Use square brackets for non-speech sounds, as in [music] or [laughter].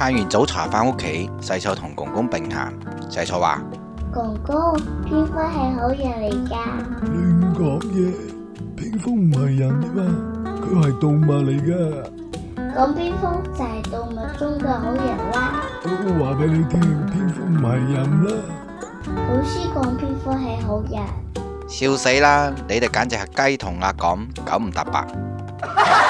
嘆完早茶翻屋企，細楚同公公並行。細楚話：公公，蝙蝠係好人嚟噶。亂講嘢，蝙蝠唔係人嘅嘛，佢係動物嚟噶。講蝙蝠就係動物中嘅好人啦。我話俾你聽，蝙蝠唔係人啦。老師講蝙蝠係好人。笑死啦！你哋簡直係雞同鴨講，九唔搭八。 [laughs]